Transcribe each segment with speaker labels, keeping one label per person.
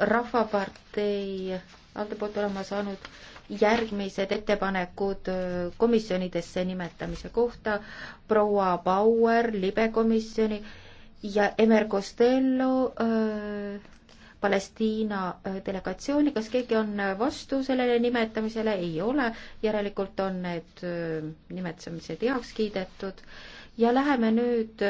Speaker 1: Rahvapartei alde poolt olema saanud järgmised ettepanekud äh, komisjonidesse nimetamise kohta. proua Bauer libekomisjoni ja Emer Costello öö, äh, Palestiina äh, delegatsiooni, kas keegi on vastu sellele nimetamisele, ei ole, järelikult on need nimetamised heaks kiidetud ja läheme nüüd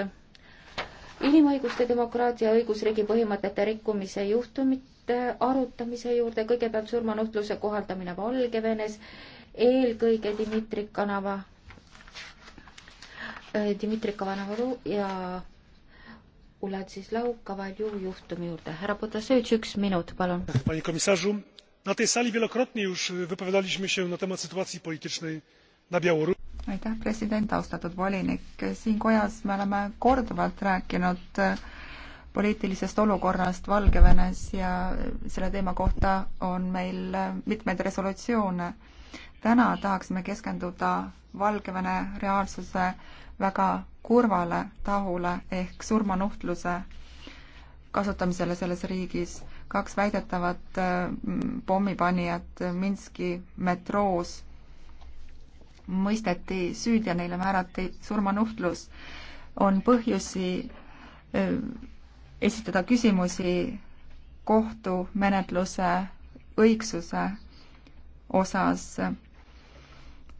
Speaker 1: inimõiguste, demokraatia, õigusriigi põhimõtete rikkumise juhtumite arutamise juurde, kõigepealt surmanuhtluse kohaldamine Valgevenes, eelkõige Dmitri Kanava, äh, Dmitri Kanavaru ja Uladislau Kavalju juhtumi juurde. härra Potasevitš, üks minut, palun.
Speaker 2: Panie komisarzu, na tej sali wielokrotnie już wypowiadaliśmy się na temat sytuacji politycznej na Białorusi
Speaker 1: aitäh, president, austatud volinik,
Speaker 3: siin kojas me oleme korduvalt rääkinud äh, poliitilisest olukorrast Valgevenes ja selle teema kohta on meil äh, mitmeid resolutsioone. täna tahaksime keskenduda Valgevene reaalsuse väga kurvale tahule ehk surmanuhtluse kasutamisele selles riigis. kaks väidetavat äh, pommipanijat Minski metroos mõisteti süüdi ja neile määrati surmanuhtlus. on põhjusi esitada küsimusi kohtumenetluse õigsuse osas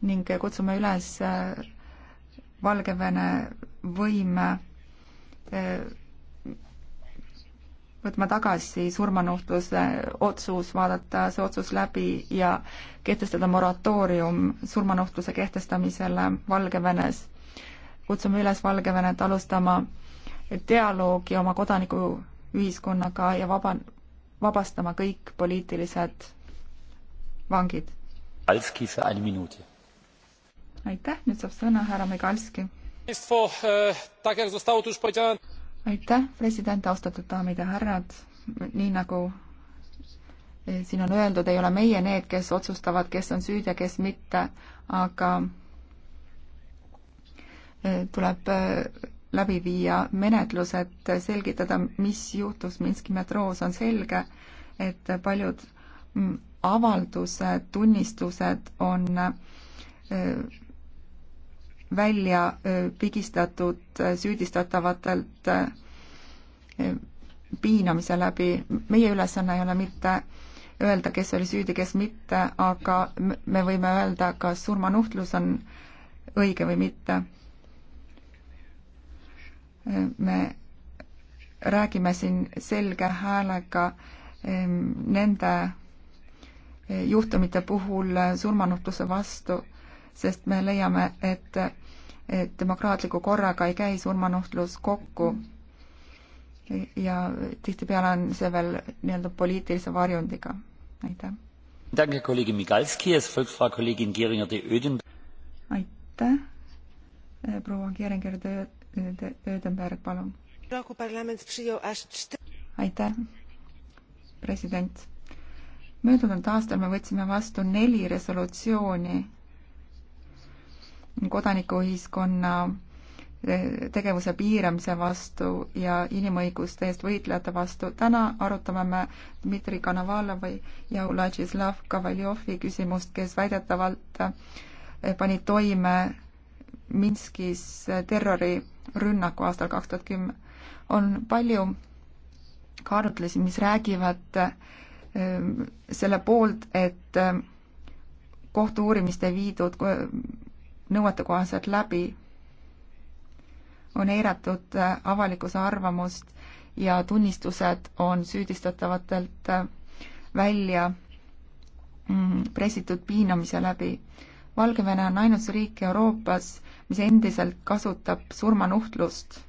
Speaker 3: ning kutsume üles Valgevene võime võtma tagasi surmanuhtluse otsus, vaadata see otsus läbi ja kehtestada moratoorium surmanuhtluse kehtestamisele Valgevenes. kutsume üles Valgevenet alustama dialoogi oma kodanikuühiskonnaga ja vaba, vabastama kõik poliitilised vangid. aitäh, nüüd saab sõna härra Migalski.
Speaker 2: E, tak jak zostało tu już powiedziane
Speaker 3: aitäh, president, austatud daamid ja härrad, nii nagu eh, siin on öeldud, ei ole meie need, kes otsustavad, kes on süüdi ja kes mitte, aga eh, tuleb eh, läbi viia menetlus, et selgitada, mis juhtus Minski metroos, on selge, et paljud mm, avaldused, tunnistused on välja pigistatud süüdistatavatelt piinamise läbi. meie ülesanne ei ole mitte öelda, kes oli süüdi, kes mitte, aga me võime öelda, kas surmanuhtlus on õige või mitte. me räägime siin selge häälega nende juhtumite puhul surmanuhtluse vastu sest me leiame, et, et demokraatliku korraga ei käi surmanuhtlus kokku. ja tihtipeale on see veel nii-öelda poliitilise varjundiga. aitäh. aitäh, proua Kieringer de Ödenberg, palun. aitäh, president möödunud aastal me võtsime vastu neli resolutsiooni kodanikuühiskonna eh, tegevuse piiramise vastu ja inimõiguste eest võitlejate vastu. täna arutame me Dmitri Kanovalovi ja Vladislav Kavaljovi küsimust, kes väidetavalt eh, panid toime Minskis eh, terrorirünnaku aastal kaks tuhat kümme. on palju kaalutlusi, mis räägivad selle poolt, et kohtu uurimist ei viidud nõuetekohaselt läbi. on eiratud äh, avalikkuse arvamust ja tunnistused on süüdistatavatelt äh, välja mm, pressitud piinamise läbi. Valgevene on ainus riik Euroopas, mis endiselt kasutab surmanuhtlust.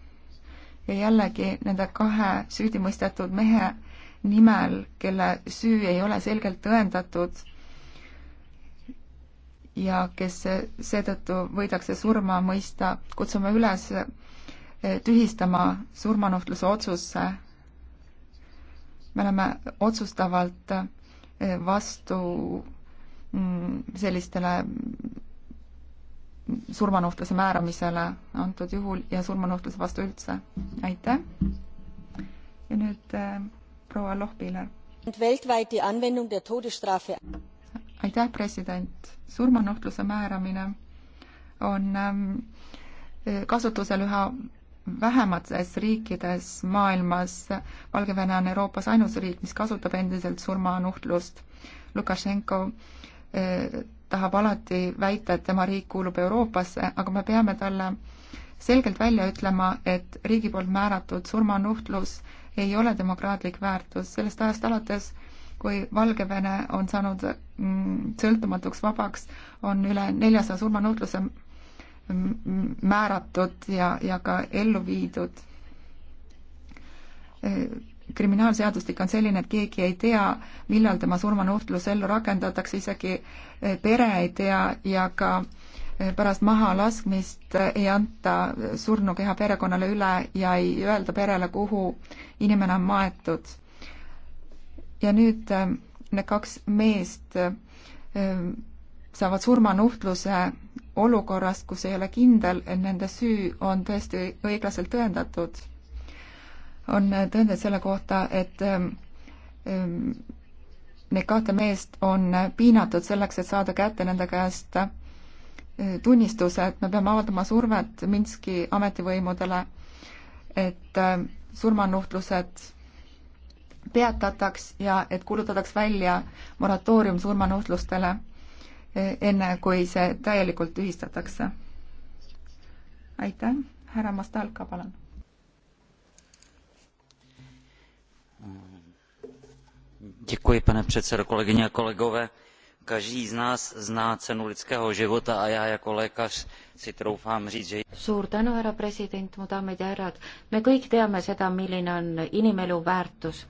Speaker 3: ja jällegi nende kahe süüdimõistetud mehe nimel, kelle süü ei ole selgelt tõendatud ja kes seetõttu võidakse surma mõista, kutsume üles eh, tühistama surmanuhtluse otsuse. me oleme otsustavalt eh, vastu mm, sellistele mm, surmanuhtluse määramisele antud juhul ja surmanuhtluse vastu üldse. aitäh. ja nüüd äh,
Speaker 1: proua Lohpiler
Speaker 3: aitäh, president. surmanuhtluse määramine on ähm, kasutusel üha vähemates riikides maailmas. Valgevene on Euroopas ainus riik, mis kasutab endiselt surmanuhtlust. Lukašenko äh, tahab alati väita, et tema riik kuulub Euroopasse, aga me peame talle selgelt välja ütlema, et riigi poolt määratud surmanuhtlus ei ole demokraatlik väärtus. sellest ajast alates kui Valgevene on saanud mm, sõltumatuks vabaks, on üle neljasaja surmanuhtluse määratud ja, ja ka ellu viidud. Äh, kriminaalseadustik on selline, et keegi ei tea, millal tema surmanuhtlus ellu rakendatakse, isegi äh, pere ei tea ja ka äh, pärast mahalaskmist ei anta surnukeha perekonnale üle ja ei öelda perele, kuhu inimene on maetud ja nüüd äh, need kaks meest äh, saavad surmanuhtluse olukorrast, kus ei ole kindel, et nende süü on tõesti õiglaselt tõendatud. on tõendeid selle kohta, et ähm, ähm, neid kahte meest on piinatud selleks, et saada kätte nende käest äh, tunnistused, me peame avaldama survet Minski ametivõimudele, et surmanuhtlused peatataks ja et kuulutataks välja moratoorium surmanuhtlustele, e, enne kui see täielikult tühistatakse. aitäh, härra Mastalka, palun.
Speaker 2: Děkuji, pane předsedo, kolegyně a kolegové. Každý z nás zná cenu lidského života a já jako lékař si troufám říct, že...
Speaker 1: Suur tänu, härra president, mu daamid ja härrad. Me kõik teame seda, milline on inimelu väärtus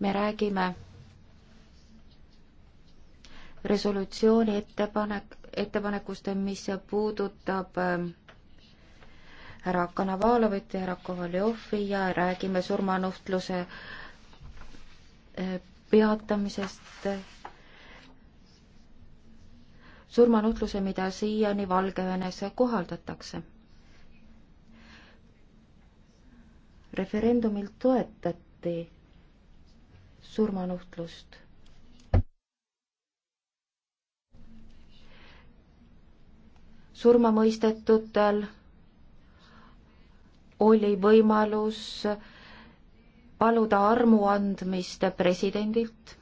Speaker 1: me räägime resolutsiooni ettepanek, ettepanekust, mis puudutab ähm, härra Kanavalovit ja härra Kovaljovi ja räägime surmanuhtluse äh, peatamisest, surmanuhtluse, mida siiani Valgevenes kohaldatakse. referendumilt toetati surmanuhtlust. surmamõistetutel oli võimalus paluda armuandmist presidendilt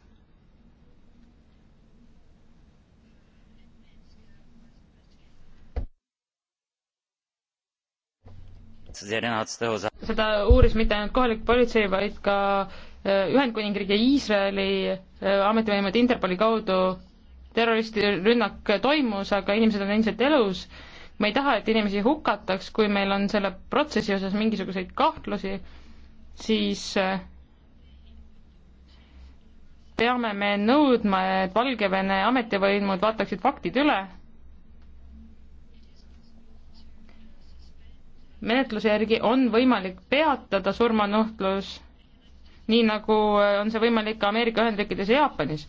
Speaker 4: seda uuris mitte ainult kohalik politsei, vaid ka Ühendkuningriigi ja Iisraeli äh, ametivõimed Interpoli kaudu terroristirünnak toimus, aga inimesed on endiselt elus. me ei taha, et inimesi hukataks, kui meil on selle protsessi osas mingisuguseid kahtlusi, siis äh, peame me nõudma, et Valgevene ametivõimud vaataksid faktid üle. menetluse järgi on võimalik peatada surmanuhtlus nii nagu äh, on see võimalik ka Ameerika Ühendriikides ja Jaapanis.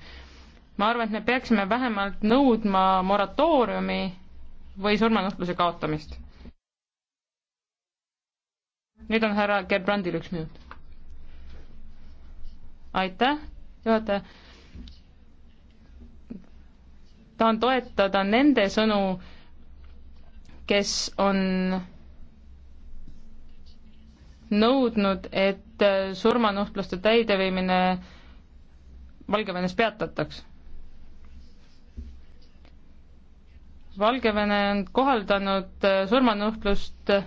Speaker 4: ma arvan, et me peaksime vähemalt nõudma moratooriumi või surmanuhtluse kaotamist. nüüd on härra Gerbrandil üks minut. aitäh, juhataja tahan toetada nende sõnu, kes on nõudnud, et et äh, surmanuhtluste täideviimine Valgevenes peatataks. Valgevene on kohaldanud äh, surmanuhtlust äh,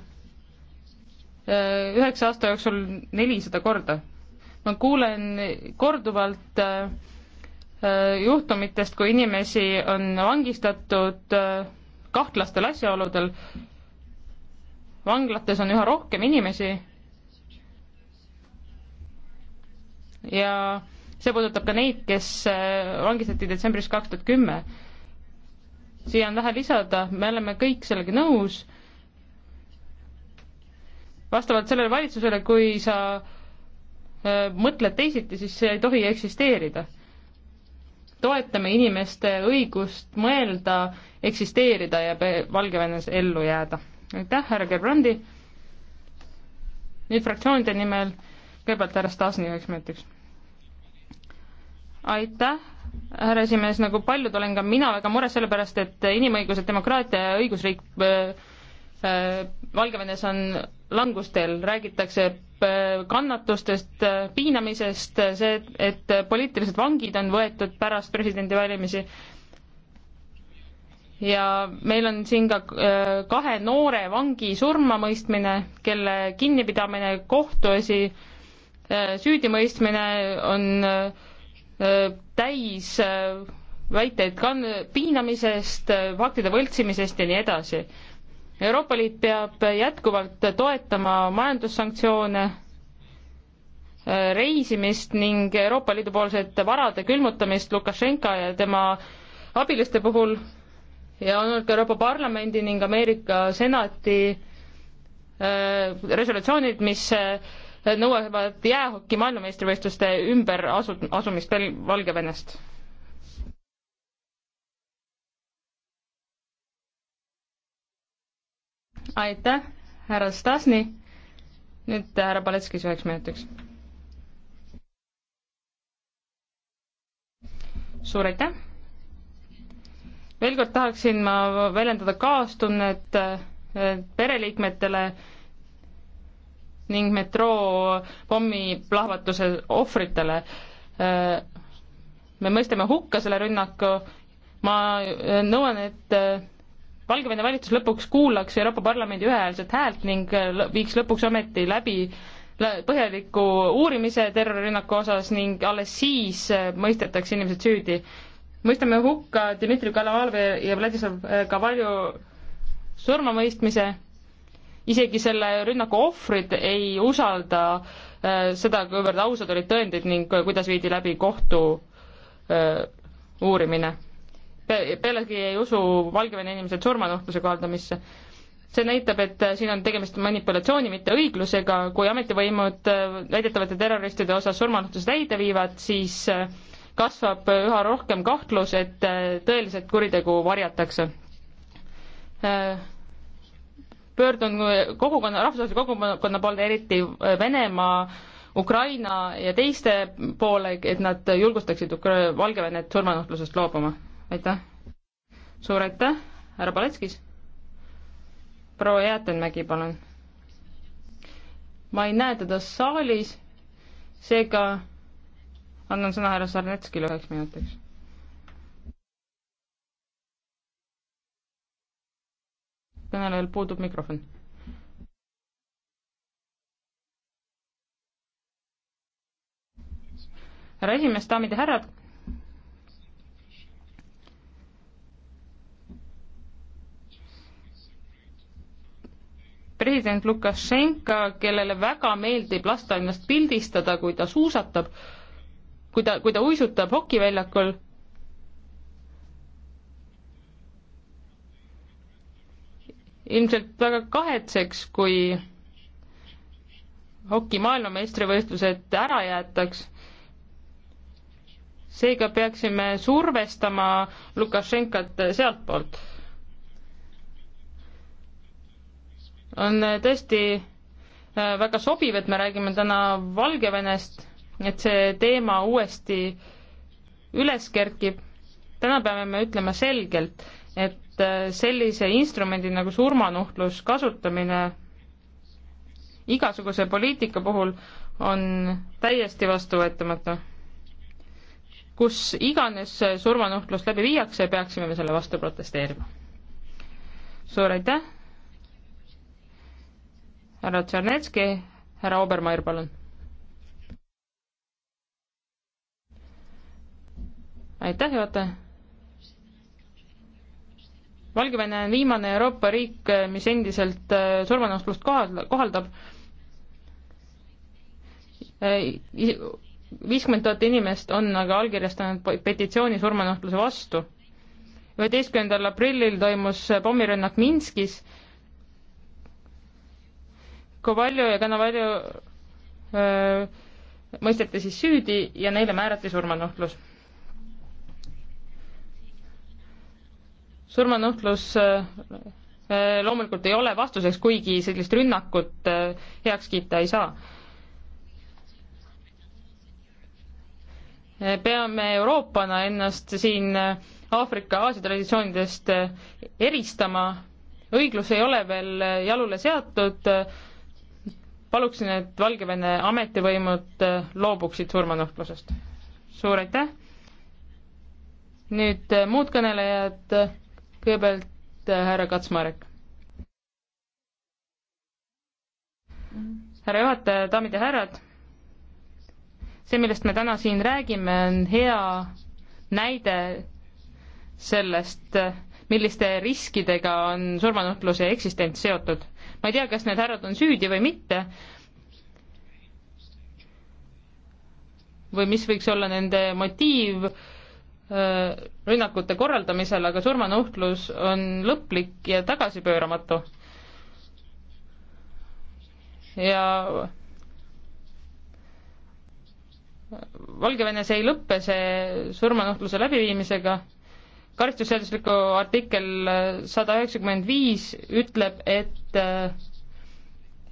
Speaker 4: üheksa aasta jooksul nelisada korda. ma kuulen korduvalt juhtumitest, kui inimesi on vangistatud kahtlastel asjaoludel. vanglates on üha rohkem inimesi ja see puudutab ka neid, kes äh, vangistati detsembris kaks tuhat kümme. siia on vähe lisada, me oleme kõik sellega nõus. vastavalt sellele valitsusele, kui sa äh, mõtled teisiti, siis see ei tohi eksisteerida. toetame inimeste õigust mõelda, eksisteerida ja Valgevenes ellu jääda. aitäh, härra Gerbrandi. nüüd fraktsioonide nimel kõigepealt härra Stasni üheks minutiks aitäh, härra esimees, nagu paljud olen ka mina väga mures selle pärast, et inimõigused, demokraatia ja õigusriik äh, äh, Valgevenes on langusteel, räägitakse äh, kannatustest, piinamisest, see, et poliitilised vangid on võetud pärast presidendivalimisi ja meil on siin ka kahe noore vangi surmamõistmine, kelle kinnipidamine, kohtuasi, süüdimõistmine on täis väiteid kan-, piinamisest, faktide võltsimisest ja nii edasi. Euroopa Liit peab jätkuvalt toetama majandussanktsioone, reisimist ning Euroopa Liidu poolset varade külmutamist Lukašenka ja tema abiliste puhul ja on olnud ka Euroopa Parlamendi ning Ameerika Senati resolutsioonid, mis nõuavad jäähoki maailmameistrivõistluste ümber asu-, asumist veel Valgevenest. aitäh, härra Stasni. nüüd härra Paletskis üheks minutiks. suur aitäh. veel kord tahaksin ma väljendada kaastunnet eh, pereliikmetele ning metroo pommiplahvatuse ohvritele. me mõistame hukka selle rünnaku, ma nõuan, et Valgevene valitsus lõpuks kuulaks Euroopa Parlamendi ühehäälset häält ning viiks lõpuks ometi läbi põhjaliku uurimise terrorirünnaku osas ning alles siis mõistetakse inimesed süüdi. mõistame hukka Dmitri Kalavalle ja Vladislav Kavalju surmamõistmise isegi selle rünnaku ohvrid ei usalda äh, seda, kuivõrd ausad olid tõendid ning kuidas viidi läbi kohtu äh, uurimine Pe. pealegi ei usu Valgevene inimesed surmanuhtluse kohaldamisse. see näitab, et äh, siin on tegemist manipulatsiooni, mitte õiglusega, kui ametivõimud äh, väidetavate terroristide osas surmanuhtluse täide viivad, siis äh, kasvab üha rohkem kahtlus, et äh, tõeliselt kuritegu varjatakse pöördun kogukonna, rahvusvahelise kogukonna poole, eriti äh, Venemaa, Ukraina ja teiste poole, et nad julgustaksid Ukra-, Valgevenet surmanuhtlusest loobuma. aitäh! suur aitäh, härra Paletskis! proua Jäätenmägi, palun! ma ei näe teda saalis, seega annan sõna härra Sarnetskile üheks minutiks kõnelejal puudub mikrofon. härra esimees, daamid ja härrad. president Lukašenka, kellele väga meeldib lasta ennast pildistada, kui ta suusatab, kui ta, kui ta uisutab hokiväljakul ilmselt väga kahetseks, kui hoki maailmameistrivõistlused ära jäetaks. seega peaksime survestama Lukašenkat sealtpoolt. on tõesti äh, väga sobiv, et me räägime täna Valgevenest, et see teema uuesti üles kerkib. täna peame me ütlema selgelt, et äh, sellise instrumendi nagu surmanuhtlus kasutamine igasuguse poliitika puhul on täiesti vastuvõetamatu. kus iganes surmanuhtlus läbi viiakse, peaksime me selle vastu protesteerima. suur aitäh! härra Tšernetski, härra Obermeier, palun! aitäh, juhataja! Valgevene on viimane Euroopa riik, eh, mis endiselt eh, surmanuhtlust kohaldab. Eh, viiskümmend tuhat inimest on aga allkirjastanud petitsiooni surmanuhtluse vastu. üheteistkümnendal aprillil toimus pommirünnak Minskis. Kovaljo ja Kanavaljo mõisteti siis süüdi ja neile määrati surmanuhtlus surmanuhtlus äh, äh, loomulikult ei ole vastuseks, kuigi sellist rünnakut äh, heaks kiita ei saa. peame Euroopana ennast siin Aafrika, Aasia traditsioonidest eristama, õiglus ei ole veel jalule seatud, paluksin, et Valgevene ametivõimud loobuksid surmanuhtlusest. suur aitäh! nüüd muud kõnelejad kõigepealt äh, härra Katsmarek. härra juhataja, daamid ja härrad, see, millest me täna siin räägime, on hea näide sellest, milliste riskidega on surmanuhtluse eksistents seotud. ma ei tea, kas need härrad on süüdi või mitte, või mis võiks olla nende motiiv Äh, rünnakute korraldamisel, aga surmanuhtlus on lõplik ja tagasipööramatu. ja Valgevenes ei lõppe see surmanuhtluse läbiviimisega, karistusseadusliku artikkel sada üheksakümmend viis ütleb, et äh,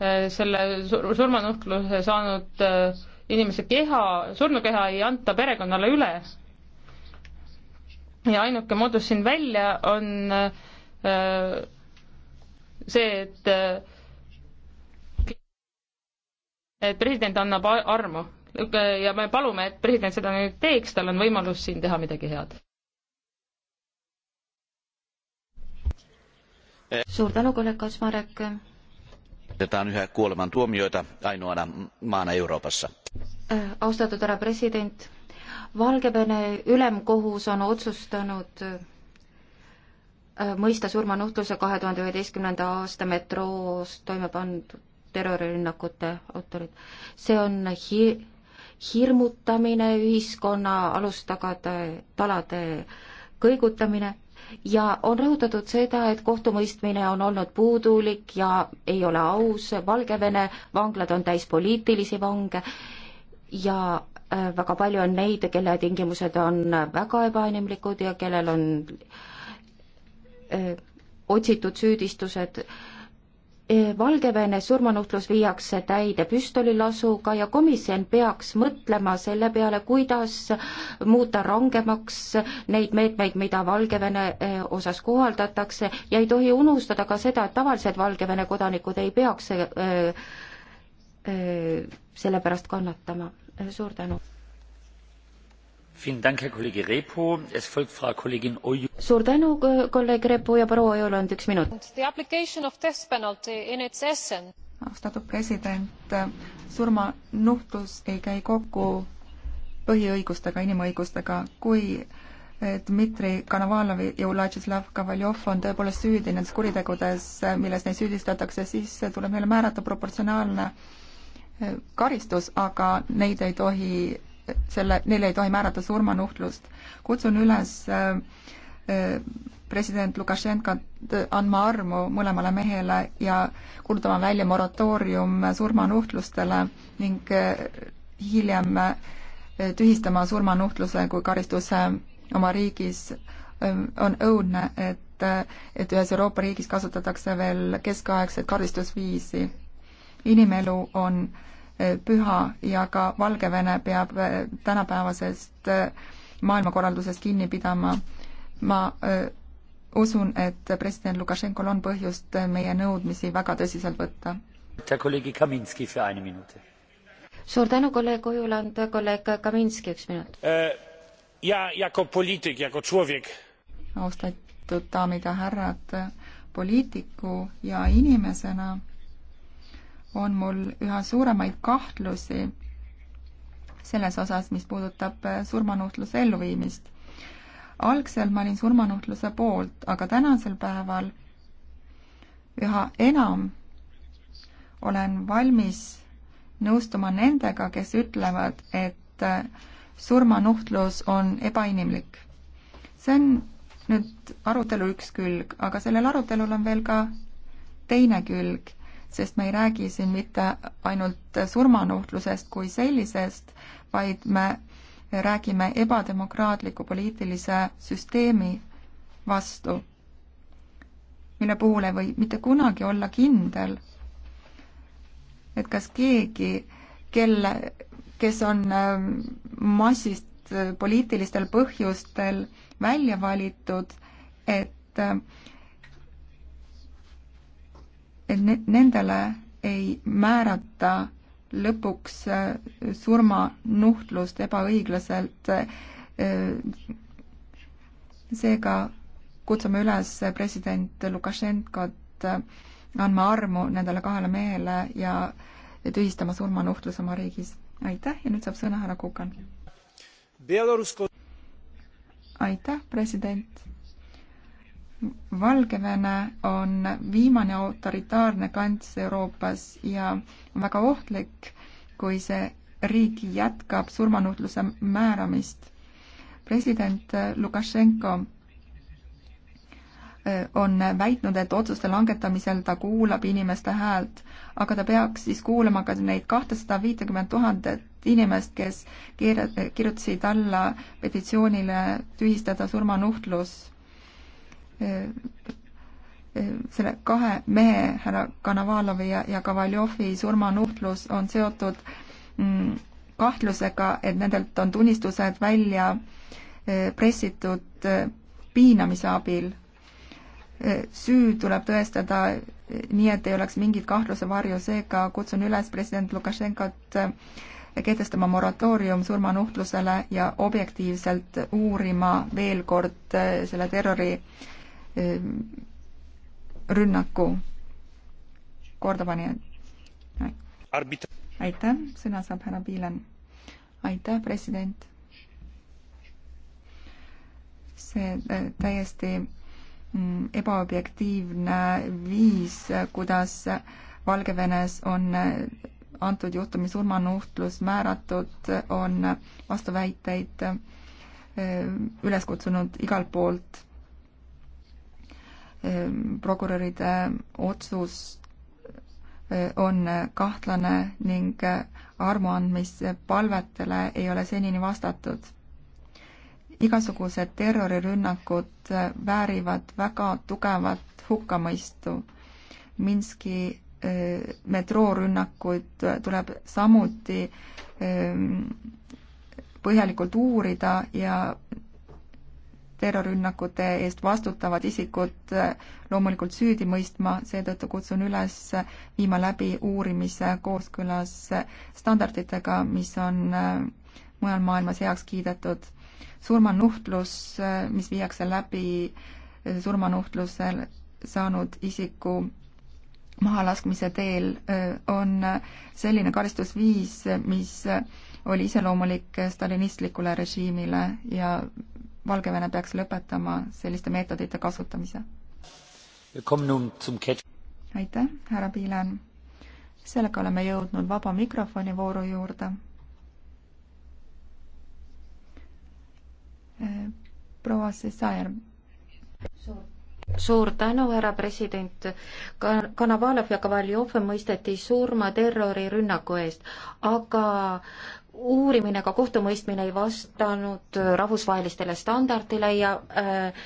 Speaker 4: äh, selle surmanuhtluse saanud inimese keha, surnukeha ei anta perekonnale üle ja ainuke moodus siin välja on äh, see, et äh, et president annab armu ja me palume, et president seda nüüd teeks, tal on võimalus siin teha midagi head.
Speaker 1: suur tänu, kolleeg Kasmarek. Tämä on yhä kuolemantuomioita ainoana maana Euroopassa. Äh, austatud härra president Valgevene ülemkohus on otsustanud äh, mõista surmanuhtluse kahe tuhande üheteistkümnenda aasta metroos toime pandud terrorirünnakute autorid. see on hi-, hirmutamine, ühiskonna alustagade, talade kõigutamine ja on rõhutatud seda, et kohtumõistmine on olnud puudulik ja ei ole aus, Valgevene vanglad on täis poliitilisi vange ja väga palju on neid, kelle tingimused on väga ebainimlikud ja kellel on eh, otsitud süüdistused. Eh, Valgevenes surmanuhtlus viiakse täide püstolilasuga ja komisjon peaks mõtlema selle peale, kuidas muuta rangemaks neid meetmeid, mida Valgevene eh, osas kohaldatakse ja ei tohi unustada ka seda, et tavalised Valgevene kodanikud ei peaks selle pärast kannatama suur tänu. suur tänu, kolleeg Repo ja proua Ojuland, üks minut.
Speaker 3: austatud president, surmanuhtlus ei käi kokku põhiõigustega, inimõigustega, kui eh, Dmitri Konovalov ja Vladislav Kavaljov on tõepoolest süüdi nendes kuritegudes, milles neid süüdistatakse, siis tuleb neile määrata proportsionaalne karistus, aga neid ei tohi, selle, neile ei tohi määrata surmanuhtlust. kutsun üles äh, äh, president Lukašenkat andma armu mõlemale mehele ja kuulutama välja moratoorium surmanuhtlustele ning äh, hiljem tühistama surmanuhtluse kui karistuse oma riigis on õudne, et, et ühes Euroopa riigis kasutatakse veel keskaegset karistusviisi. inimelu on äh, püha ja ka Valgevene peab äh, tänapäevasest äh, maailmakorraldusest kinni pidama. ma äh, usun, et president Lukašenkol on põhjust meie nõudmisi väga
Speaker 1: tõsiselt võtta. suur tänu, kolleeg Ojuland, kolleeg Kaminski, üks minut
Speaker 2: äh,. ja, jako poliitik, jako človek.
Speaker 3: austatud daamid ja härrad, poliitiku ja inimesena on mul üha suuremaid kahtlusi selles osas, mis puudutab äh, surmanuhtluse elluviimist. algselt ma olin surmanuhtluse poolt, aga tänasel päeval üha enam olen valmis nõustuma nendega, kes ütlevad, et äh, surmanuhtlus on ebainimlik. see on nüüd arutelu üks külg, aga sellel arutelul on veel ka teine külg sest me ei räägi siin mitte ainult surmanuhtlusest kui sellisest, vaid me räägime ebademokraatliku poliitilise süsteemi vastu, mille puhul ei või mitte kunagi olla kindel, et kas keegi, kelle, kes on ähm, massist poliitilistel põhjustel välja valitud, et ähm, et ne-, nendele ei määrata lõpuks äh, surmanuhtlust ebaõiglaselt. Äh, seega kutsume üles president Lukašenkot äh, andma armu nendele kahele mehele ja tühistama surmanuhtlus oma riigis. aitäh ja nüüd saab sõna härra Kukan. aitäh, president Valgevene on viimane autoritaarne kants Euroopas ja on väga ohtlik, kui see riik jätkab surmanuhtluse määramist. president Lukašenko äh, on väitnud, et otsuste langetamisel ta kuulab inimeste häält, aga ta peaks siis kuulama ka neid kahtesada viitekümmet tuhandet inimest, kes keer-, kirjutasid alla petitsioonile tühistada surmanuhtlus selle kahe mehe, härra Kanavalovi ja, ja Kavaljovi surmanuhtlus on seotud mm, kahtlusega, et nendelt on tunnistused välja e, pressitud e, piinamise abil. E, süü tuleb tõestada nii, et ei oleks mingit kahtluse varju, seega kutsun üles president Lukašenkat kehtestama moratoorium surmanuhtlusele ja objektiivselt uurima veel kord selle terrori Eh, rünnaku kordapanijad. aitäh, sõna saab härra Piilan. aitäh, president. see eh, täiesti mm, ebaobjektiivne viis, kuidas Valgevenes on eh, antud juhtumi surmanuhtlus määratud, on vastuväiteid üles kutsunud igalt poolt prokuröride otsus e, on kahtlane ning armuandmispalvetele ei ole senini vastatud. igasugused terrorirünnakud väärivad väga tugevat hukkamõistu. Minski e, metroorünnakuid tuleb samuti e, põhjalikult uurida ja terrorirünnakute eest vastutavad isikud eh, loomulikult süüdi mõistma, seetõttu kutsun üles eh, viima läbi uurimise kooskõlas eh, standarditega, mis on mujal maailmas heaks kiidetud. surmanuhtlus, mis viiakse läbi surmanuhtlusel saanud isiku mahalaskmise teel, on selline karistusviis, mis oli iseloomulik stalinistlikule režiimile ja Valgevene peaks lõpetama selliste meetodite kasutamise. aitäh, härra Piilan. sellega oleme jõudnud vaba mikrofoni vooru juurde.
Speaker 1: Äh, proua Sessaer. suur suur tänu, härra president. Kanavalov ja Kovaljov mõisteti surma terrorirünnaku eest, aga uurimine, ka kohtumõistmine ei vastanud äh, rahvusvahelistele standardile ja äh,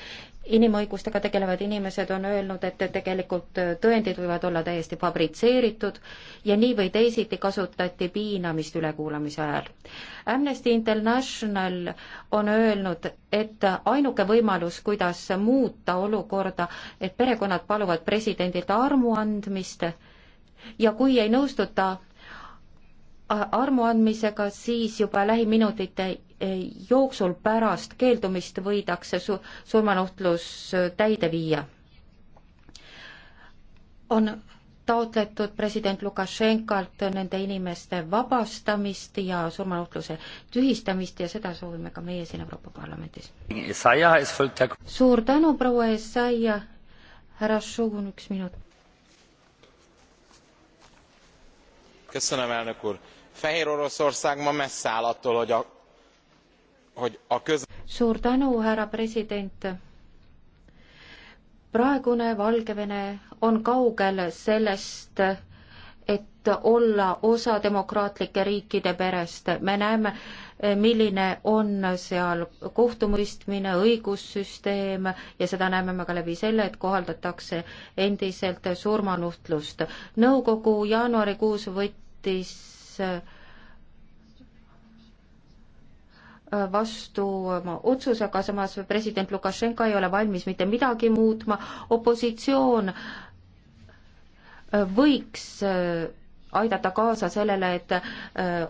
Speaker 1: inimõigustega tegelevad inimesed on öelnud, et tegelikult äh, tõendid võivad olla täiesti fabritseeritud ja nii või teisiti kasutati piinamist ülekuulamise ajal. Amnesty International on öelnud, et ainuke võimalus, kuidas muuta olukorda, et perekonnad paluvad presidendilt armu andmist ja kui ei nõustuta armuandmisega, siis juba lähiminutite e, jooksul pärast keeldumist võidakse su-, surmanuhtlus e, täide viia. on taotletud president Lukašenkalt nende inimeste vabastamist ja surmanuhtluse tühistamist ja seda soovime ka meie siin Euroopa Parlamendis. suur tänu, proua Essaia, härra Šugun, üks minut
Speaker 4: fehéroroszország ma messze áll attól hogy a, hogy a köz...
Speaker 1: suur tänu härra president praegune valgevene on kaugel sellest et olla osa demokraatlike riikide perest me näeme milline on seal kohtumõistmine, õigussüsteem ja seda näeme me ka läbi selle, et kohaldatakse endiselt surmanuhtlust. nõukogu jaanuarikuus võttis võttis äh, vastu oma otsuse, aga samas president Lukašenka ei ole valmis mitte midagi muutma, opositsioon äh, võiks äh, aidata kaasa sellele, et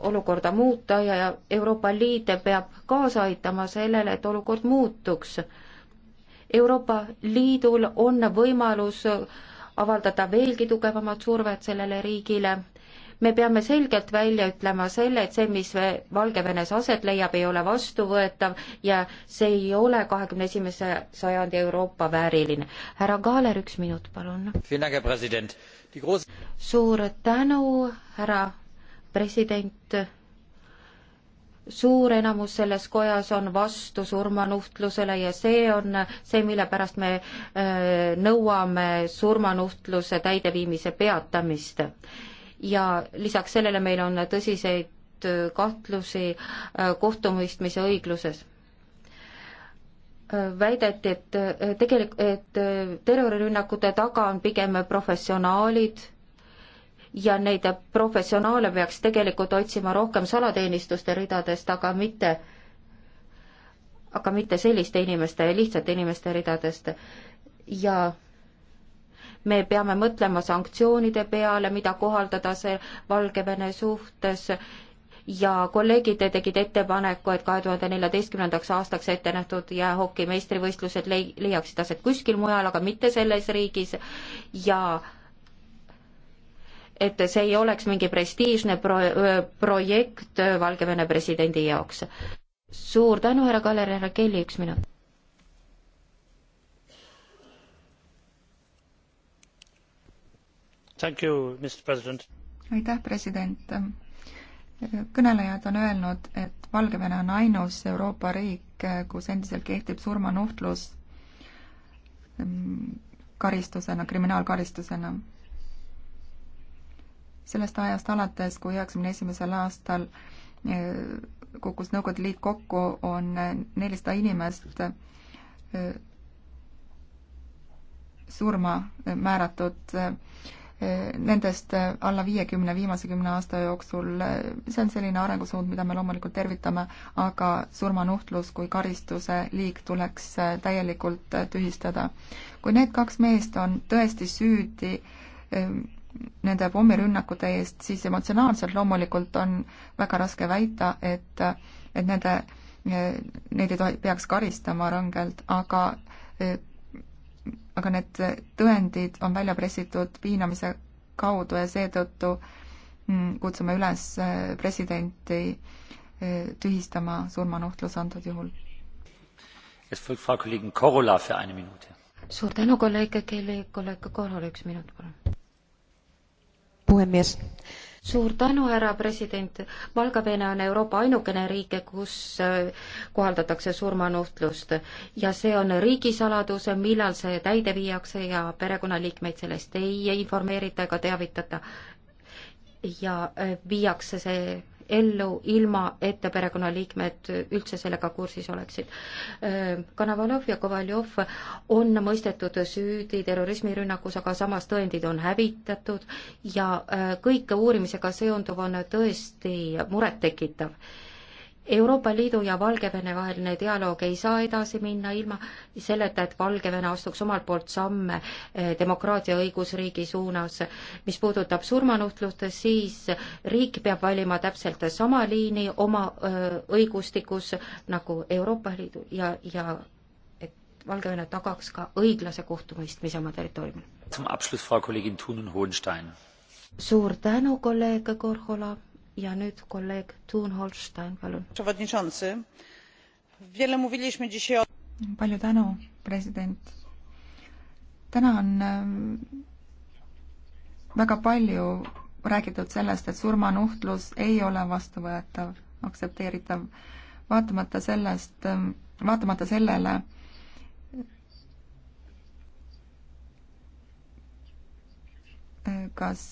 Speaker 1: olukorda muuta ja Euroopa Liit peab kaasa aitama sellele, et olukord muutuks. Euroopa Liidul on võimalus avaldada veelgi tugevamat survet sellele riigile me peame selgelt välja ütlema selle, et see, mis Valgevenes aset leiab, ei ole vastuvõetav ja see ei ole kahekümne esimese sajandi Euroopa vääriline. härra Kaaler, üks minut, palun. suur tänu, härra president suur enamus selles kojas on vastu surmanuhtlusele ja see on see, mille pärast me äh, nõuame surmanuhtluse täideviimise peatamist ja lisaks sellele meil on tõsiseid äh, kahtlusi äh, kohtumõistmise õigluses. Äh, väideti, et tegelik-, et terrorirünnakute taga on pigem professionaalid ja neid professionaale peaks tegelikult otsima rohkem salateenistuste ridadest, aga mitte, aga mitte selliste inimeste, lihtsate inimeste ridadest ja me peame mõtlema sanktsioonide peale, mida kohaldada see Valgevene suhtes ja kolleegid tegid ettepaneku, et kahe tuhande neljateistkümnendaks aastaks ette nähtud jäähoki meistrivõistlused lei-, leiaksid aset kuskil mujal, aga mitte selles riigis ja et see ei oleks mingi prestiižne pro-, projekt Valgevene presidendi jaoks. suur tänu, härra Kaller, härra Kelly, üks minut
Speaker 2: aitäh,
Speaker 3: president. kõnelejad on öelnud, et Valgevene on ainus Euroopa riik, kus endiselt kehtib surmanuhtlus karistusena, kriminaalkaristusena. sellest ajast alates, kui üheksakümne esimesel aastal eh, kukkus Nõukogude Liit kokku, on nelisada inimest eh, surma määratud eh, nendest äh, alla viiekümne viimase kümne aasta jooksul, äh, see on selline arengusuund, mida me loomulikult tervitame, aga surmanuhtlus kui karistuse liik tuleks äh, täielikult tühistada. kui need kaks meest on tõesti süüdi ähm, nende pommirünnakute eest, siis emotsionaalselt loomulikult on väga raske väita, et, et nende, neid ei tohi, peaks karistama rangelt, aga aga need tõendid on välja pressitud piinamise kaudu ja seetõttu mm, kutsume üles äh, presidenti äh,
Speaker 1: tühistama surmanuhtluse antud juhul. suur tänu, kolleeg Kelly, kolleeg Korhola, üks minut, palun. puhemees suur tänu, härra president. Valgevene on Euroopa ainukene riik, kus äh, kohaldatakse surmanuhtlust ja see on riigisaladus, millal see täide viiakse ja perekonnaliikmeid sellest ei informeerita ega teavitata. ja äh, viiakse see ellu, ilma et perekonnaliikmed üldse sellega kursis oleksid. Äh, Kanavalov ja Kovaljov on mõistetud süüdi terrorismirünnakus, aga samas tõendid on hävitatud ja äh, kõik uurimisega seonduv on tõesti murettekitav Euroopa Liidu ja Valgevene vaheline dialoog ei saa edasi minna ilma selleta, et Valgevene astuks omalt poolt samme eh, demokraatia õigusriigi suunas. mis puudutab surmanuhtlust, siis riik peab valima täpselt sama liini oma eh, õigustikus nagu Euroopa Liidu ja, ja et Valgevene tagaks ka õiglase kohtumõistmise oma territooriumil. suur tänu, kolleeg Korhola ja nüüd kolleeg Tuun Holstein, palun. palju tänu,
Speaker 3: president. täna on e, väga palju räägitud sellest, et surmanuhtlus ei ole vastuvõetav, aktsepteeritav, vaatamata sellest, e, vaatamata sellele, e, kas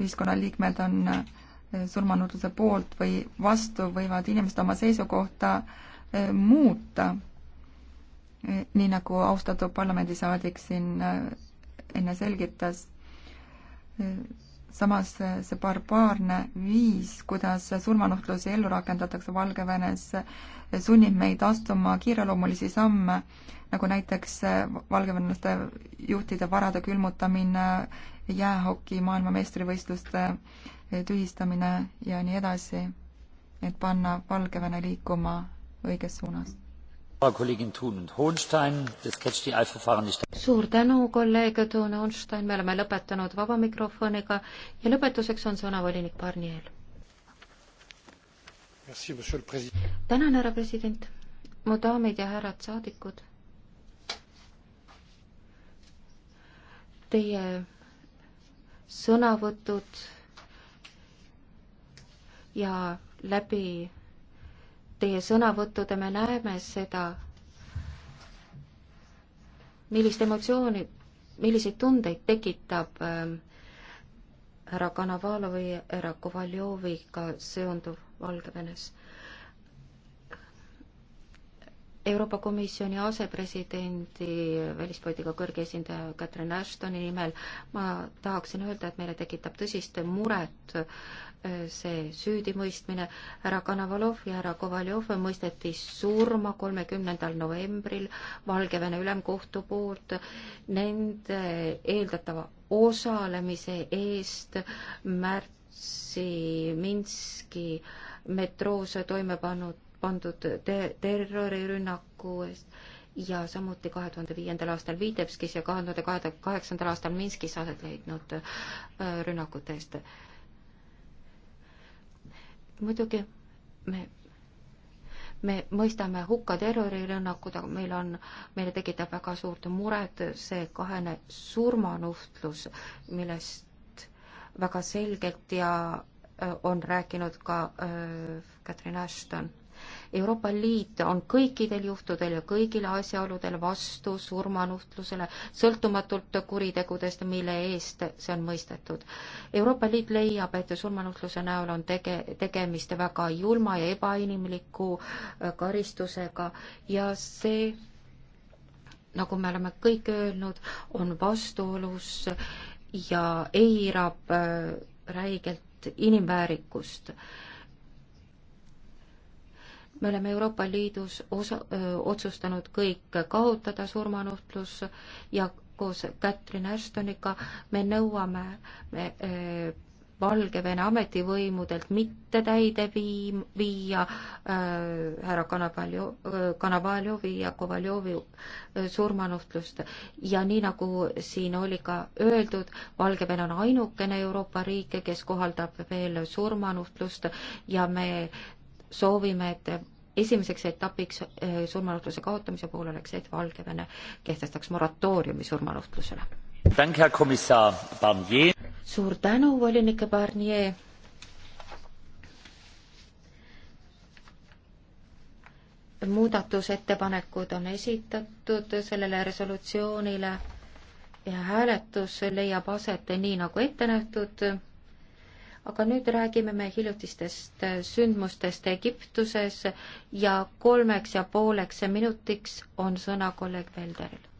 Speaker 3: ühiskonnaliikmed on äh, surmanutluse poolt või vastu, võivad inimesed oma seisukohta äh, muuta. Äh, nii nagu austatud parlamendisaadik siin enne selgitas, samas see barbaarne viis, kuidas surmanuhtlusi ellu rakendatakse Valgevenes, sunnib meid astuma kiireloomulisi samme, nagu näiteks valgevenelaste juhtide varade külmutamine, jäähoki maailmameistrivõistluste tühistamine ja nii edasi, et panna Valgevene liikuma õiges suunas. suur
Speaker 1: tänu, kolleeg Tune Holstein, me oleme lõpetanud vaba mikrofoniga ja lõpetuseks on sõna volinik Barniel. tänan, härra president, mu daamid ja härrad saadikud. Teie sõnavõtud ja läbi teie sõnavõttude me näeme seda, millist emotsiooni, milliseid tundeid tekitab ähm, härra Kanavalovi, härra Kovaljoviga seonduv Valgevenes Euroopa Komisjoni asepresidendi, välispoliitika kõrge esindaja Katrin Ashtoni nimel ma tahaksin öelda, et meile tekitab tõsist muret äh, see süüdimõistmine. härra Kanavalov ja härra Kovaljov mõisteti surma kolmekümnendal novembril Valgevene ülemkohtu poolt nende eeldatava osalemise eest märtsi Minski metroos toime pannud pandud te-, terrorirünnaku eest ja samuti kahe tuhande viiendal aastal Vitebskis ja kahe tuhande kahe, kaheksandal aastal Minskis aset leidnud äh, rünnakute eest. muidugi me, me mõistame hukka terrorirünnakud, aga meil on, meile tekitab väga suurt muret see kahene surmanuhtlus, millest väga selgelt ja äh, on rääkinud ka öö, äh, Catherine Ashton Euroopa Liit on kõikidel juhtudel ja kõigil asjaoludel vastu surmanuhtlusele, sõltumatult kuritegudest, mille eest see on mõistetud. Euroopa Liit leiab, et surmanuhtluse näol on tege-, tegemist väga julma ja ebainimliku äh, karistusega ja see nagu me oleme kõik öelnud, on vastuolus ja eirab äh, räigelt inimväärikust me oleme Euroopa Liidus osa, öö, otsustanud kõik kaotada surmanuhtlus ja koos Catherine Ashtoniga me nõuame me, öö, Valgevene ametivõimudelt mitte täide viim, viia äh, härra Kanavaljo, Kanavaljovi ja Kovaljovi äh, surmanuhtlust. ja nii, nagu siin oli ka öeldud, Valgevene on ainukene Euroopa riik, kes kohaldab veel surmanuhtlust ja me soovime, et esimeseks etapiks äh, surmanuhtluse kaotamise puhul oleks see, et Valgevene kehtestaks moratooriumi surmanuhtlusele. suur tänu, volinike Barnier. muudatusettepanekud on esitatud sellele resolutsioonile ja hääletus leiab aset nii, nagu ette nähtud aga nüüd räägime me hiljutistest äh, sündmustest Egiptuses ja kolmeks ja pooleks minutiks on sõna kolleeg Velderil.